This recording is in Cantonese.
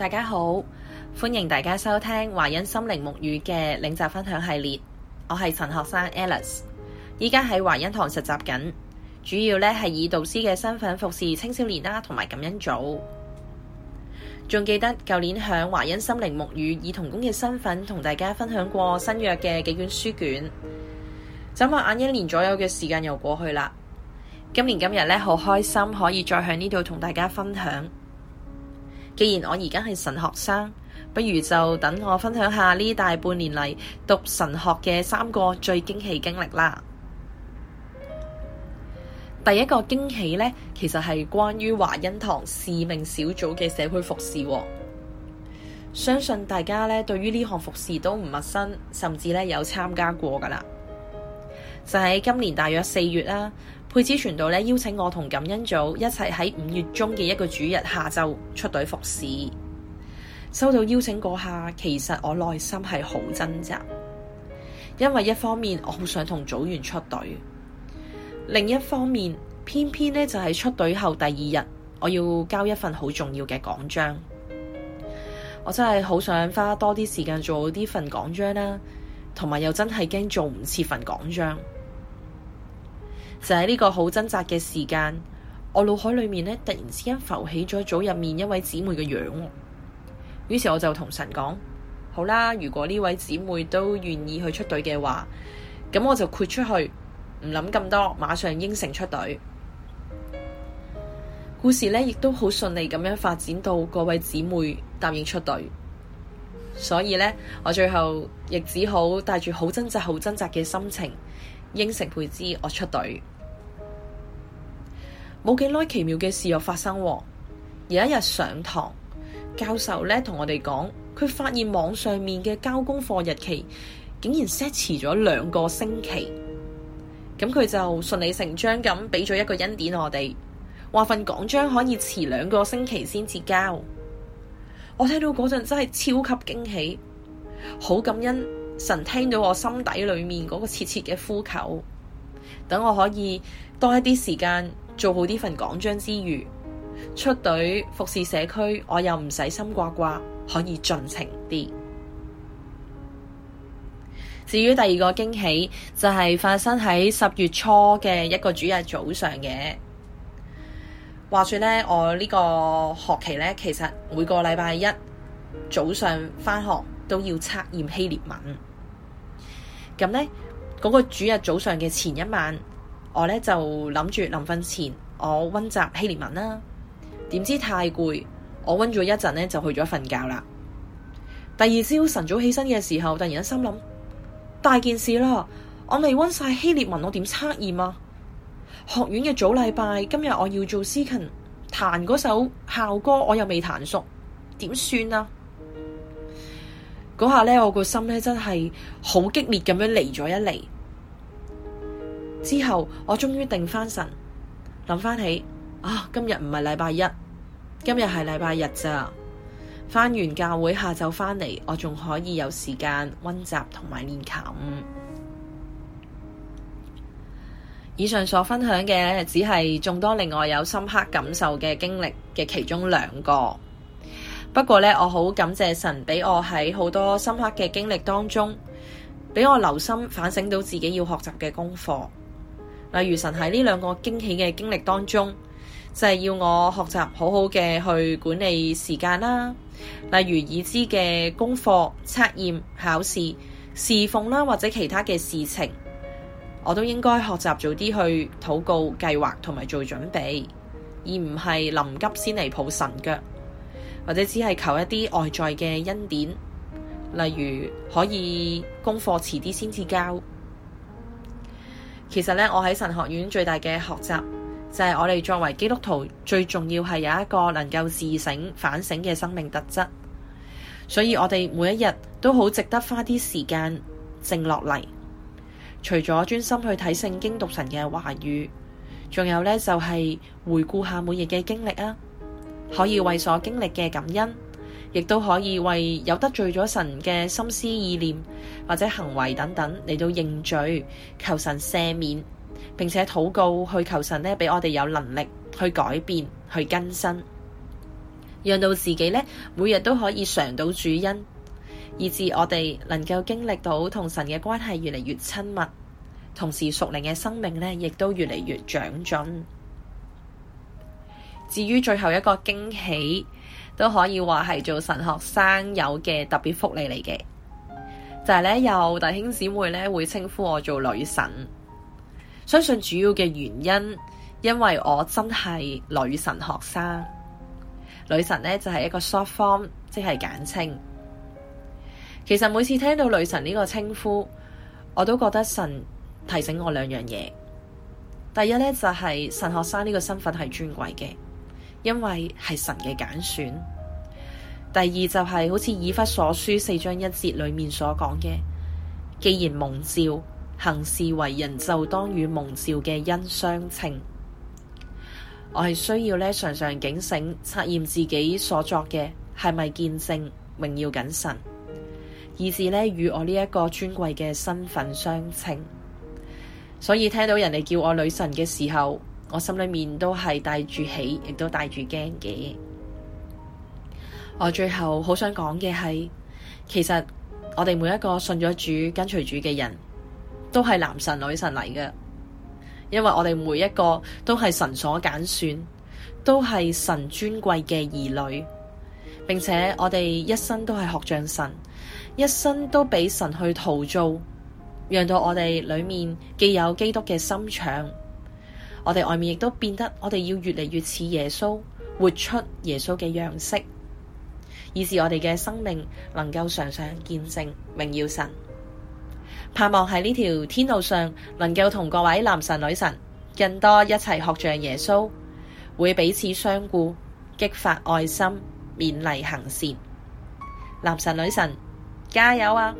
大家好，歡迎大家收聽華欣心靈木語嘅領袖分享系列，我係神學生 Alice，依家喺華欣堂實習緊，主要咧係以導師嘅身份服侍青少年啦，同埋敢恩組。仲記得舊年喺華欣心靈木語以同工嘅身份同大家分享過新約嘅幾卷書卷，眨下眼一年左右嘅時間又過去啦。今年今日咧好開心可以再喺呢度同大家分享。既然我而家係神學生，不如就等我分享下呢大半年嚟讀神學嘅三個最驚喜經歷啦。第一個驚喜呢，其實係關於華恩堂使命小組嘅社區服侍，哦。相信大家呢，對於呢項服侍都唔陌生，甚至呢，有參加過噶啦。就喺、是、今年大約四月啦。佩子傳道邀請我同感恩組一齊喺五月中嘅一個主日下晝出隊服侍。收到邀請嗰下，其實我內心係好掙扎，因為一方面我好想同組員出隊，另一方面偏偏呢就係出隊後第二日，我要交一份好重要嘅講章。我真係好想花多啲時間做呢份講章啦，同埋又真係驚做唔切份講章。就喺呢個好掙扎嘅時間，我腦海裏面呢突然之間浮起咗組入面一位姊妹嘅樣，於是我就同神講：好啦，如果呢位姊妹都願意去出隊嘅話，咁我就豁出去，唔諗咁多，馬上應承出隊。故事呢亦都好順利咁樣發展到嗰位姊妹答應出隊，所以呢，我最後亦只好帶住好掙扎、好掙扎嘅心情，應承培之我出隊。冇幾耐，奇妙嘅事又發生。有一日上堂，教授咧，同我哋講，佢發現網上面嘅交功課日期竟然 set 遲咗兩個星期。咁佢就順理成章咁俾咗一個恩典我哋，話份講章可以遲兩個星期先至交。我聽到嗰陣真係超級驚喜，好感恩神聽到我心底裏面嗰個切切嘅呼求，等我可以多一啲時間。做好呢份講章之餘，出隊服侍社區，我又唔使心掛掛，可以盡情啲。至於第二個驚喜，就係、是、發生喺十月初嘅一個主日早上嘅。話說呢，我呢個學期呢，其實每個禮拜一早上返學都要測驗希臘文。咁呢，嗰、那個主日早上嘅前一晚。我咧就諗住臨瞓前我溫習《希臘文》啦，點知太攰，我溫咗一陣咧就去咗瞓覺啦。第二朝晨早起身嘅時候，突然一心諗大件事啦，我未溫晒希臘文，我點測驗啊？學院嘅早禮拜今日我要做司琴彈嗰首校歌，我又未彈熟，點算啊？嗰下咧，我個心咧真係好激烈咁樣離咗一離。之後我終於定返神，諗返起啊，今日唔係禮拜一，今日係禮拜日咋。返完教會下晝返嚟，我仲可以有時間温習同埋練琴。以上所分享嘅只係眾多令我有深刻感受嘅經歷嘅其中兩個。不過呢，我好感謝神俾我喺好多深刻嘅經歷當中，俾我留心反省到自己要學習嘅功課。例如神喺呢兩個驚喜嘅經歷當中，就係要我學習好好嘅去管理時間啦。例如已知嘅功課、測驗、考試、侍奉啦或者其他嘅事情，我都應該學習早啲去禱告、計劃同埋做準備，而唔係臨急先嚟抱神腳，或者只係求一啲外在嘅恩典。例如可以功課遲啲先至交。其實咧，我喺神學院最大嘅學習就係我哋作為基督徒，最重要係有一個能夠自省反省嘅生命特質。所以，我哋每一日都好值得花啲時間靜落嚟，除咗專心去睇聖經讀神嘅話語，仲有咧就係回顧下每日嘅經歷啊，可以為所經歷嘅感恩。亦都可以為有得罪咗神嘅心思意念或者行為等等嚟到認罪，求神赦免，並且禱告去求神咧，俾我哋有能力去改變、去更新，讓到自己咧每日都可以嘗到主恩，以致我哋能夠經歷到同神嘅關係越嚟越親密，同時屬靈嘅生命咧亦都越嚟越長進。至於最後一個驚喜，都可以話係做神學生有嘅特別福利嚟嘅，就係咧有弟兄姊妹咧會稱呼我做女神。相信主要嘅原因，因為我真係女神學生。女神咧就係一個 short form，即係簡稱。其實每次聽到女神呢個稱呼，我都覺得神提醒我兩樣嘢。第一咧就係神學生呢個身份係尊貴嘅。因為係神嘅揀選。第二就係、是、好似以弗所書四章一節裏面所講嘅，既然蒙召，行事為人就當與蒙召嘅恩相稱。我係需要咧常常警醒，測驗自己所作嘅係咪見證，榮耀緊神，以至咧與我呢一個尊貴嘅身份相稱。所以聽到人哋叫我女神嘅時候。我心裏面都係帶住喜，亦都帶住驚嘅。我最後好想講嘅係，其實我哋每一個信咗主、跟隨主嘅人，都係男神女神嚟㗎。因為我哋每一個都係神所揀選，都係神尊貴嘅兒女，並且我哋一生都係學像神，一生都俾神去陶造，讓到我哋裏面既有基督嘅心腸。我哋外面亦都變得，我哋要越嚟越似耶穌，活出耶穌嘅樣式，以致我哋嘅生命能夠常常見證榮耀神。盼望喺呢條天路上，能夠同各位男神女神更多一齊學像耶穌，會彼此相顧，激發愛心，勉勵行善。男神女神，加油啊！